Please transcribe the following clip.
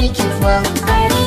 make you